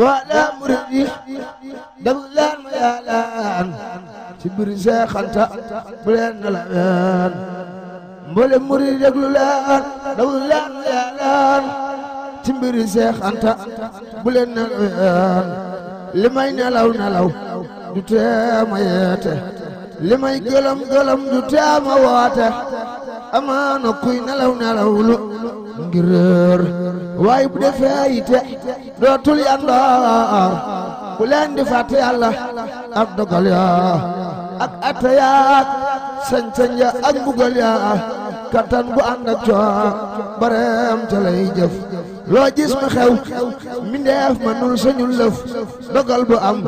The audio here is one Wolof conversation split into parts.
wala muridi dagu leen ma yaalaan ci biir seexanta bu leen nalaween mbole muridi déglu leen dagu leen ma yaalaan ci biir seexanta bu leen nalaween li may nelaw nelaw du tee yeete li may gëlëm gëlëm du tee ma amaana kuy nelaw nelawlu ngir réer waaye bu defee yite dootul yandoor bu leen di fàtte yàlla ak dogal ya ak atta ya sañ-sañ ya ak mbugal ya kattan bu ànd ak bareem ca lay jëf loo gis ma xew mbindeef mënul sañul lëf dogal bu am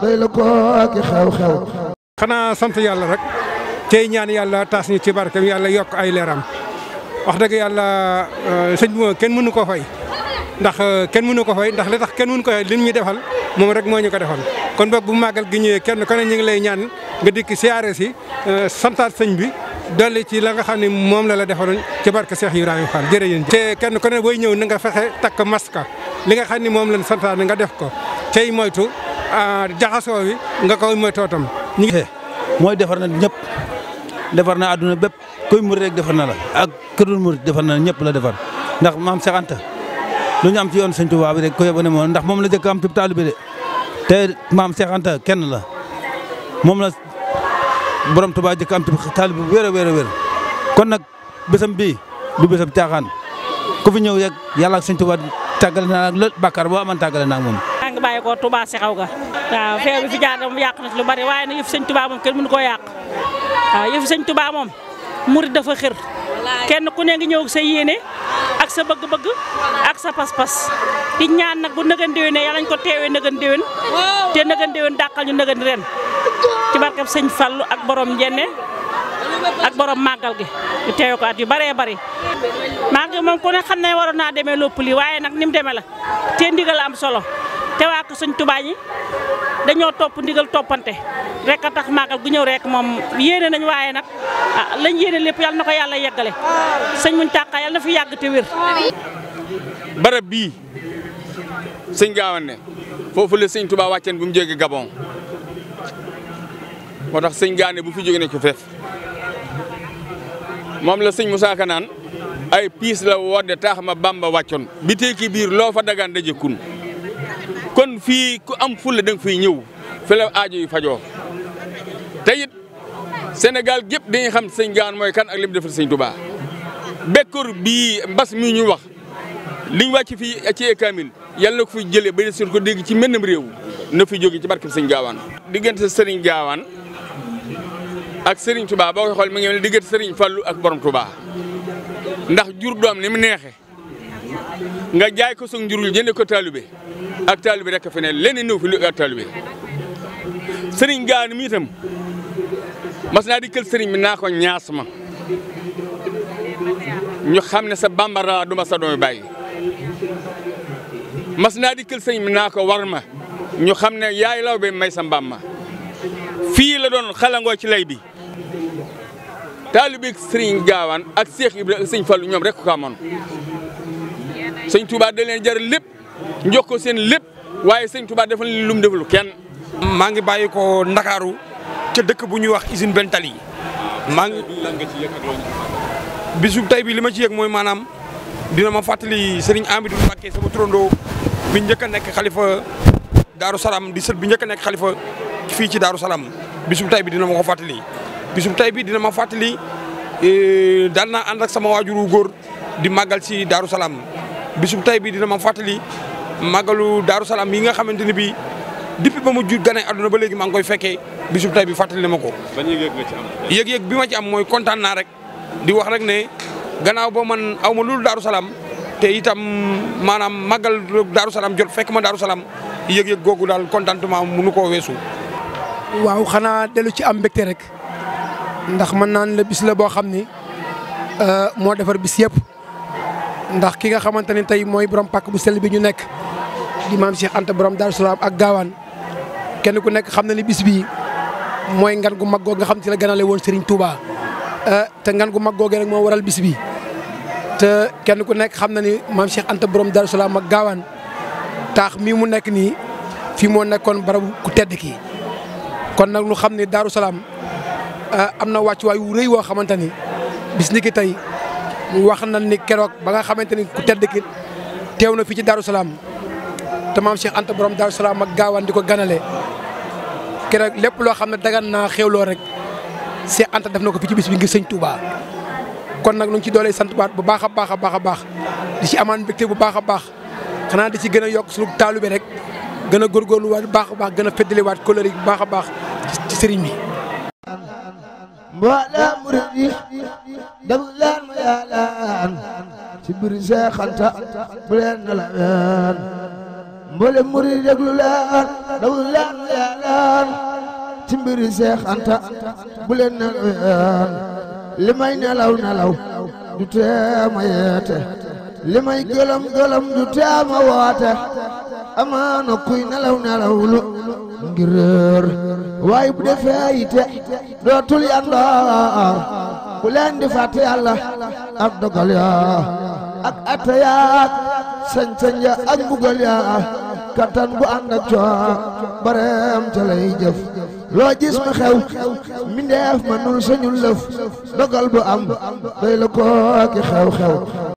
day la kooki xew-xew xanaa sant yàlla rek tey ñaan yàlla taas ñu ci barke yàlla yokk ay leeram wax dëgg yàlla euh, sëñ bi kenn mënu ko fay ndax euh, kenn mënu ko fay ndax li tax kenn munu ko fay li ñu defal moom rek mooy ñu ko defal kon boog bu màggal gi ñëwee kenn ku ñu ngi lay ñaan nga dikk siyaare si euh, santaat sëñ bi dolli ci la nga xam ne moom la la defaloon ci barke Cheikh Ibrahima Fall jërëjëf. te kenn ku ne booy ñëw na nga fexe takk maska li nga xam ni moom lañ santaane nga def ko tey moytu jaxasoo wi nga koy moytoo tam. ñu ngi eh, mooy defar na ñëpp. defar na àdduna bépp kuy murit rek defar na la ak kërul murit defar na la ñëpp la defar ndax maam Cheikh Anta lu ñu am ci yoon Sëñ Tuubaa bi rek ko yebane moom ndax moom la jëkk am ci taalibe de te maam Cheikh kenn la moom la borom Tuubaa jëkk am ci taalibe bu wér a wér a wér kon nag bésam bii du bésam caaxaan ku fi ñëw rek yàlla ak Sëñ Tuubaa naa ak lépp boo amoon tàggale naa moom nga bàyyi ko Tuubaa si ga feew bi fi jaar moom yàq na lu bari waaye waaw yëfu sëñ Touba moom murid dafa xër kenn ku ne ngi ñëw sa yéene ak sa bëgg-bëgg ak sa pas-pas di ñaan nag bu nëgën déwénee yàlla ñu ko teewee nëgën déwén te nëgën déwén dàqal ñu nëgën ci barkab sëñ Fallou ak borom njenne ak borom màggal gi ñu teewe ko at yu bëree bëri màggal moom ku ne xam ne waroon naa demee lépp lii waaye nag ni mu demee la te ndigal am solo te waa ko suñ Tuubaa yi dañoo topp ndigal toppante rek a tax màggal gu ñëw rek moom yéene nañ waaye nag ah lañ yéene lépp yàlla na ko yàlla yeggale sëñ Muntaxa yàlla na fi yàgg te wér. barab bii sëñ Gaawane foofu la sëñ Tuubaa wàcceen bu mu jógee Gabon moo tax sëñ Gaane bu fi jógee ne ko moom la sëñ mu Ka naan ay piis la woon taax ma Bamba wàccoon bi teeki biir loo fa dagaan da jëkkun kon fii ku am fulla da nga fiy ñëw fi la aajo yu fajoo te it Sénégal gépp dañuy xam sëñ Gaawaan mooy kan ak li mu defal sëñ Touba bekkoor bii mbas mi ñuy wax liñ wàcc fii ci Kamil yàlla na ko fi jëlee ba de sur ko dégg ci mennam réew na fi jóge ci barkeb sëñ Gaawaan diggante sëriñ Gaawaan ak sëriñ tubaa boo koy xool mi ngi mel diggante sëriñ ak borom Touba ndax jur doom ni mu neexe nga jaay ko suñu njurul jënd ko taalibe ak taalibe rek fi leneen ñëw fi lu ak taalibe sëriñ Gaane mi itam mas naa di kël sëriñ bi naa ko ñaas ma ñu xam ne sa bambara duma sa doomi bàyyi mas naa di kël sëriñ bi ko war ma ñu xam ne yaay law bi may sa mbaam ma fii la doon xalangoo ci lay bi taalibe sëriñ Gaawaan ak Seex Ibra sëriñ Fallu ñoom rekk ko amoon sëñ Touba da leen lépp jox ko seen lépp waaye sëñ Touba defal leen lu kenn. maa ngi bàyyi ko Ndakaaru ca dëkk bu ñuy wax usine benn tali maa ngi bisu tey bi li ma ci yëg mooy maanaam dina ma fàttali Serigne Amidou Mbacké sama turandoo bi njëkk a nekk xalifa Daaru Salaam di sët bi njëkk a nekk xalifa fii ci Daaru Salaam bisu tey bi dina ma ko fàttali bisu tey bi dina ma fàttali eh, daan naa ànd ak sama waajuru góor di màggal si Daaru Salaam. bisub tay bi dina ma fàttali màggalu daaru salaam yi nga xamante ni bii depuis ba mu ju gane àdduna ba léegi maa ngi koy fekkee bisub tay bi fàttali na ma ko. yëg-yëg bi ma ci am mooy kontaan naa rek di wax rek ne gannaaw ba man aw ma loolu salaam te itam maanaam màggal daaru salaam jot fekk ma daaru salaam yëg-yëg googu daal contentement munu koo weesu. waaw xanaa dellu ci am mbégte rek ndax mën naan la bis la boo xam ni euh, moo defar bis yëpp. ndax ki nga xamante ne tey mooy borom pakk bu sell bi ñu nekk di maam Cheikh Anta borom Daaru Salaam ak gaawaan kenn ku nekk xam na ni bis bii mooy ngan gu mag nga xam ci la ganale woon Serigne Touba euh, te ngan gu mag googu moo waral bis bi te kenn ku nekk xam na ni maam Cheikh Anta borom Daaru Salaam ak gaawaan taax mii mu nekk nii fii moo nekkoon bara ku tedd kii kon nag lu xam ne Daaru Salaam euh, am na wàcc waayu rëy woo xamante ni bis ni tey. wax nañ ni keroog ba nga xamante ni ku tedd ki teew na fi ci Darou Salaam te maam Cheikh Anta borom Darou Salaam ak gaawaan di ko ganale keroog lépp loo xam ne dagan naa xéwloo rek Cheikh Anta def na ko fi ci bis bi ngir sëñ Touba. kon nag nu ngi ci doolee sant baat bu baax a baax a baax a baax di ci amaan mbégte bu baax a baax xanaa di ci gën a yokk suñu taalu bi rek gën a góorgóorluwaat bu baax a baax gën a feddaliwaat kóllëre bu baax a baax ci sëriñ bi. mboolem murid yi déglu leen ma yaalaan ci biir Seex Anta bu leen nelaween mboolem murid yi déglu leen déglu leen ma yaalaan ci biir Seex bu leen nelaween li may nelaw nelaw du tee yeete li may gëlëm gëlëm du teema woote amaana kuy nelaw nelawlu ngir réer waaye bu defee yite dootul yandoor ku leen di fàtte yàlla ak dogal yaa ak atta yaa sañ-sañ ya ak mbugal yaa kattan bu ànd ak coono bareem ca lay jëf loo gis ma xew mindeef ma nul sañul lëf dogal bu am day la kooki xew-xew